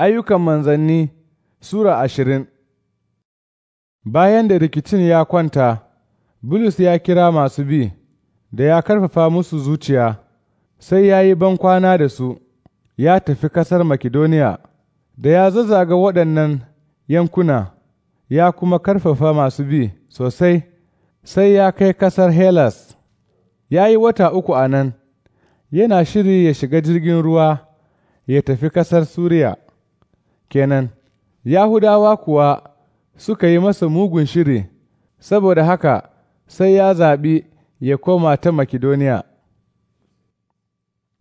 Ayyukan manzanni Sura ashirin Bayan da rikicin ya kwanta, Bulus ya kira masu bi, da ya karfafa musu zuciya, sai ya yi bankwana da su, ya tafi ƙasar Makedoniya, da ya zazzaga waɗannan yankuna, ya kuma karfafa masu bi sosai, sai ya kai ƙasar helas Ya yi wata uku a nan, yana shiri ya shiga jirgin ruwa, ya tafi ƙasar Suriya. kenan, Yahudawa kuwa suka yi masa mugun shiri, saboda haka sai ya zaɓi ya koma ta Makidoniya.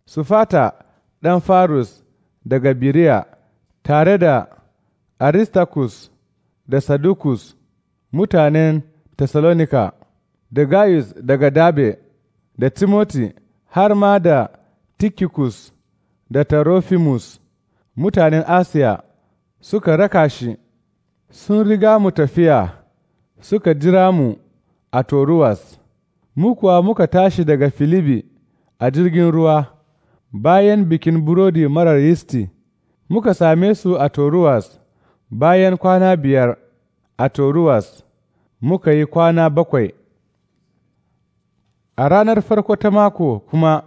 Sufata ɗan Farus daga Biriya tare da Aristarchus da Sadukus mutanen tesalonika da Gaius daga Dabe da Timoti har ma da Tikikus da Tarofimus mutanen Asiya suka raka shi, sun riga mu tafiya, suka jira mu a Toruwas, mu kuwa muka tashi daga Filibi a jirgin ruwa, bayan bikin burodi marar yisti, muka same su a Toruwas bayan kwana biyar a Toruwas, muka yi kwana bakwai. A ranar farko ta mako kuma,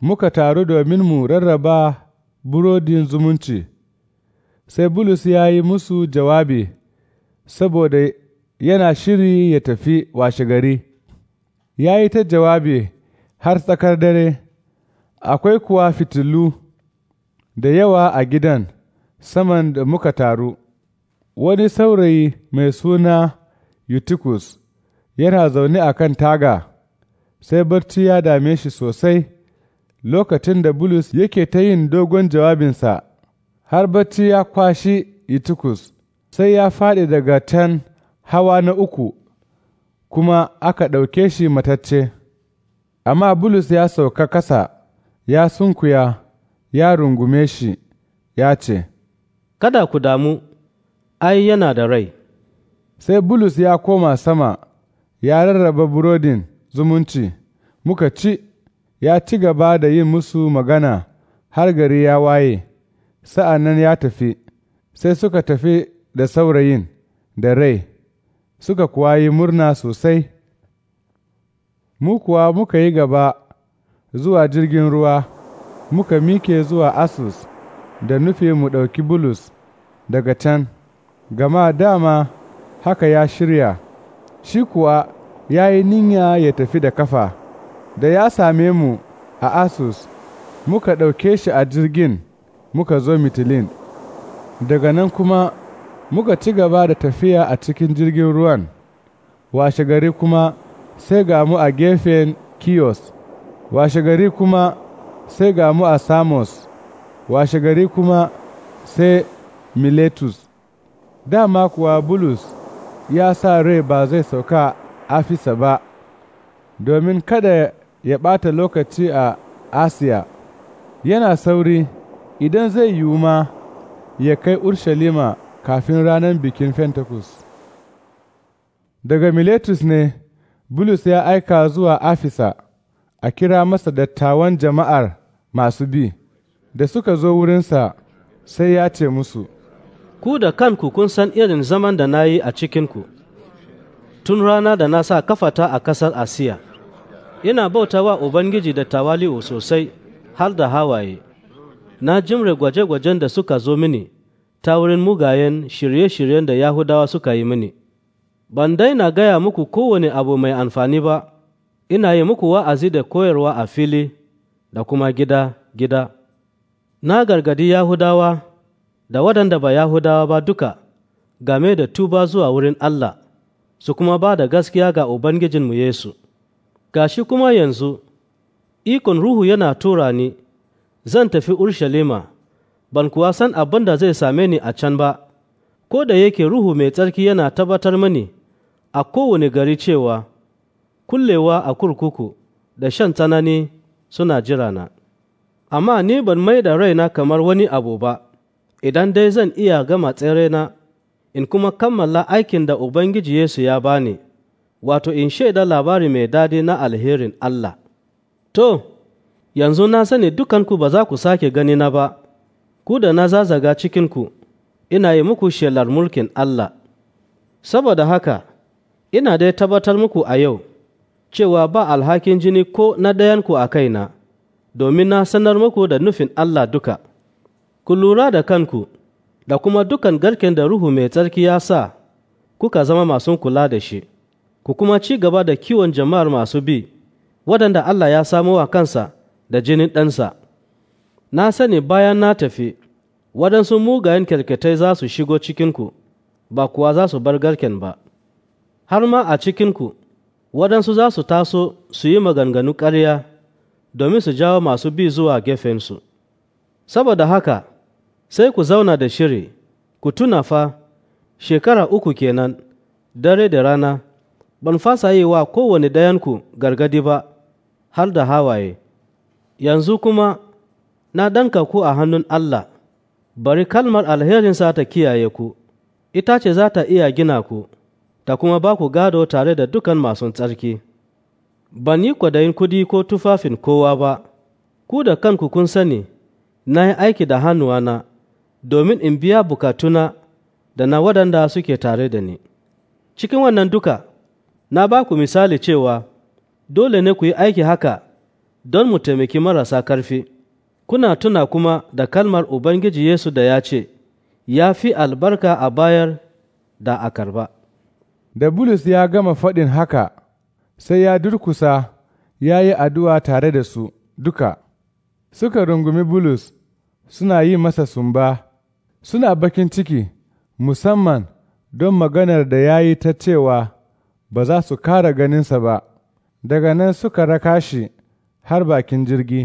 muka taru domin mu rarraba burodin zumunci. sai Bulus ya yi musu jawabi saboda yana shiri ya tafi washegari. Ya yi ta jawabi har tsakar dare, akwai kuwa fitilu da yawa a gidan saman da muka taru. Wani saurayi mai suna Eutychus yana zaune a kan taga, sai barci ya dame shi sosai lokacin da Bulus yake ta yin dogon jawabinsa. har bacci ya kwashi Itikus, sai ya faɗi daga can hawa na uku, kuma aka ɗauke shi matacce. Amma Bulus ya sauka kasa, ya sunkuya, ya rungume shi, ya ce, Kada ku damu, ai, yana da rai. Sai Bulus ya koma sama, ya rarraba burodin zumunci, muka ci, ya ci gaba da yin musu magana har gari ya waye. sa'an nan ya tafi, sai suka tafi da saurayin da rai, suka kuwa yi murna sosai. Mu kuwa muka yi gaba zuwa jirgin ruwa, muka mike zuwa Asus da nufe mu ɗauki Bulus daga can, gama dama haka ya shirya, shi kuwa ya yi ninya ya tafi da kafa, da ya same mu a Asus, muka ɗauke shi a jirgin. muka zo mitilin daga nan kuma muka ci gaba da tafiya a cikin jirgin ruwan washe gari kuma sai ga mu a gefen kiyos washe gari kuma sai ga mu a samos washe gari kuma sai miletus dama kuwa bulus ya sa rai ba zai sauka afisa ba domin kada ya ɓata lokaci a asiya yana sauri idan zai yiwu ma ya kai Urshalima kafin ranar bikin Fentakus. Daga Miletus ne, Bulus ya aika zuwa Afisa a kira masa dattawan jama'ar masu bi, da suka zo wurinsa sai ya ce musu, Ku da kanku kun san irin zaman da na yi a cikinku, tun rana da na sa kafata a ƙasar Asiya, ina bautawa Ubangiji da tawali'u sosai har da hawaye. na jimre gwaje-gwajen da suka zo mini ta wurin mugayen shirye-shiryen da Yahudawa suka yi mini. Ban daina gaya muku kowane abu mai amfani ba, ina yi muku wa'azi da koyarwa a fili da kuma gida-gida. Na gargadi Yahudawa da waɗanda ba Yahudawa ba duka game da tuba zuwa wurin Allah, su kuma ba da gaskiya ga Ubangijinmu Yesu. Gashi kuma yanzu, ikon Ruhu yana tura ni. zan tafi Urshalima, ban kuwa san abin da zai same ni a can ba, ko da yake Ruhu mai tsarki yana tabbatar mani a kowane gari cewa kullewa a kurkuku da shan tsanani suna jirana. Amma ni ban mai da raina kamar wani abu ba, idan dai zan iya gama na in kuma kammala aikin da Ubangiji Yesu ya bani, wato in shaida labari mai dadi na alherin Allah. To, yanzu na sani dukanku ba za ku sake gani na ba, ku da na zazaga cikinku, ina yi muku shelar mulkin Allah. Saboda haka, ina dai tabbatar muku a yau, cewa ba alhakin jini ko na ɗayanku a kaina, domin na sanar muku da nufin Allah duka. Ku lura da kanku, da kuma dukan garken da Ruhu mai tsarki ya sa, kuka zama masu kula da shi, ku kuma ci gaba da kiwon jama'ar masu bi, waɗanda Allah ya samo wa kansa. da jinin ɗansa na sani bayan na tafi waɗansu mugayen kyarketai za su shigo cikinku ba kuwa za su bar garken ba har ma a cikinku waɗansu za su taso su yi maganganu ƙarya domin su jawo masu bi zuwa gefensu saboda haka sai ku zauna da shiri ku tuna fa shekara uku kenan dare da rana ban fasa yi wa kowane dayanku gargadi ba har da hawaye yanzu kuma na ɗanka ku a hannun Allah, bari kalmar alherinsa ta kiyaye ku, ita ce za ta iya gina ku, ta kuma ba ku gado tare da dukan masu tsarki. Ban yi kwadayin kudi ko tufafin kowa ba, ku da kanku kun sani, na yi aiki da hannuwana domin in biya bukatuna da na waɗanda suke tare da ni. Cikin wannan duka, na ba ku misali cewa, dole ne ku yi aiki haka don mu taimaki marasa ƙarfi. Kuna tuna kuma da kalmar Ubangiji Yesu da ya ce, Ya fi albarka a bayar da a karba. Da Bulus ya gama faɗin haka, sai ya durkusa ya yi addu'a tare da su duka. Suka rungumi Bulus suna yi masa sumba, suna bakin ciki musamman don maganar da ya yi ta cewa ba za su kara ganinsa ba, daga nan suka raka shi هەر باکنجرگی